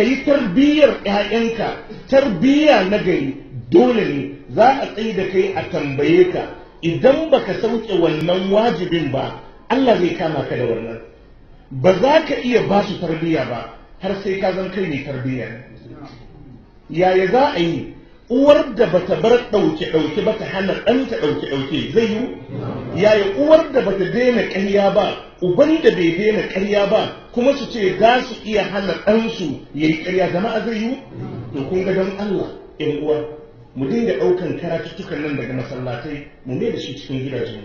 ka yi tarbiyyar 'ya'yanka tarbiyya na gari dole ne za a tsaye da kai a tambaye ka idan baka sauke wannan wajibin ba Allah zai kama ka da wannan ba za ka iya ba su tarbiyya ba har sai ka zan kai ne tarbiyya yaya za a yi uwar da bata bar ɗauke ɗauke ba ta hana ɗanta ɗauke ɗauke zai yi yaya uwar da bata daina ƙarya ba uban da bai daina ƙarya ba kuma su ce za su iya hana ɗansu ya yi ƙarya jama'a zai yi to kun ga don Allah ƴan uwa mu dinga ɗaukan karatuttukan nan daga masallatai mu ne da shi cikin gidaje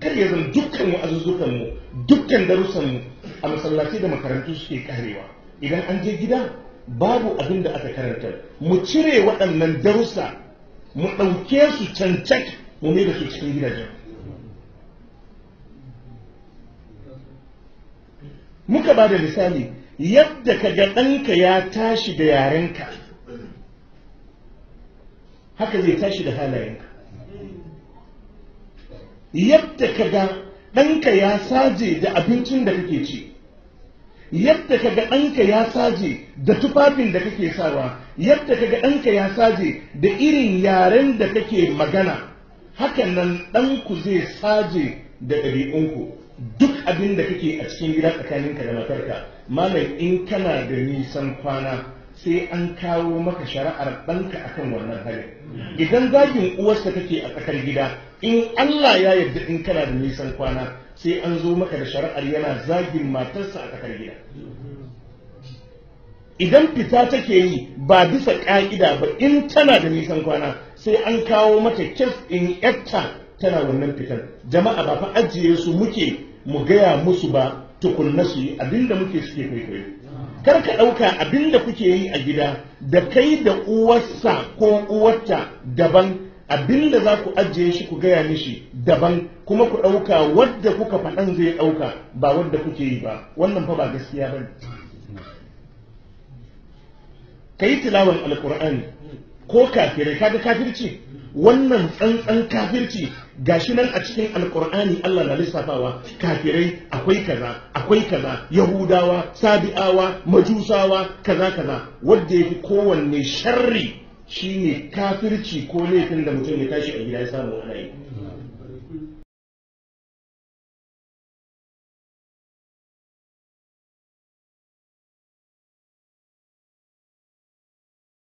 kar ya zan dukkan mu dukkan darussan mu a masallatai da makarantu suke karewa idan an je gida babu abin da aka karanta mu cire waɗannan darussa mu ɗauke su cancak mu ne da su cikin gidajen muka ba da misali yadda ka ga ɗanka ya tashi da yarenka haka zai tashi da halayenka yadda ka ga ɗanka ya saje da abincin da kake ci yadda ka ga ɗanka ya saje da tufafin da kake sawa yadda ka ga ɗanka ya saje da irin yaren da kake magana hakan nan ɗanku zai saje da ɗabi'unku duk abin da kake a cikin gida tsakaninka da matarka malam in kana da nisan kwana sai an kawo maka shari'ar ɗanka akan wannan hali. idan zagin uwarsa take a tsakar gida in Allah ya yarda in kana da nisan kwana sai an zo maka da shari'ar yana zagin matarsa a tsakar gida idan fita take yi ba bisa ƙa'ida ba in tana da nisan kwana sai an kawo mata kes in yatta tana wannan fitan jama'a ba fa ajiye su muke mu gaya musu ba tukunna su yi abinda muke suke kwaikwayo kar ka ɗauka abinda kuke yi a gida da kai da uwarsa ko uwarta daban abinda za ku ajiye shi ku gaya mishi daban kuma ku ɗauka wadda kuka faɗan zai ɗauka ba wadda kuke yi ba wannan fa ba gaskiya ba ne ka yi tilawar alkur'ani ko kafirai kaga kafirci wannan tsantsan kafirci ga shi nan a cikin alkur'ani Allah na lissafawa kafirai akwai kaza akwai kaza yahudawa sabi'awa majusawa kaza kaza wanda yafi kowanne sharri shine kafirci ko laifin da mutum ya tashi a gida ya samu ana